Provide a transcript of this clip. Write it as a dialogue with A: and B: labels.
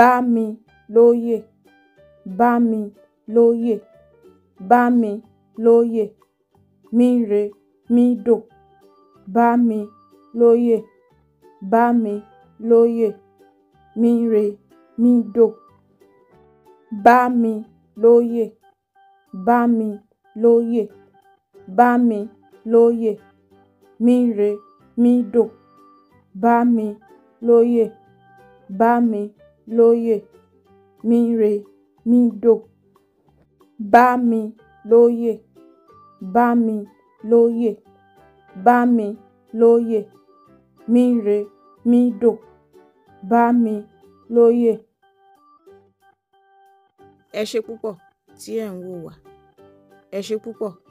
A: Bámilóyè Bámilóyè Bámilóyè míremídò Bámilóyè Bámilóyè míremídò Bámilóyè Bámilóyè Bámilóyè míremídò Bámilóyè Bámilóyè lóye mire mídò bámilóye bámilóye bámilóye mire mídò bámilóye.
B: Ẹ ṣé púpọ̀ tí ẹ̀ ń wò wá. Ẹ ṣé púpọ̀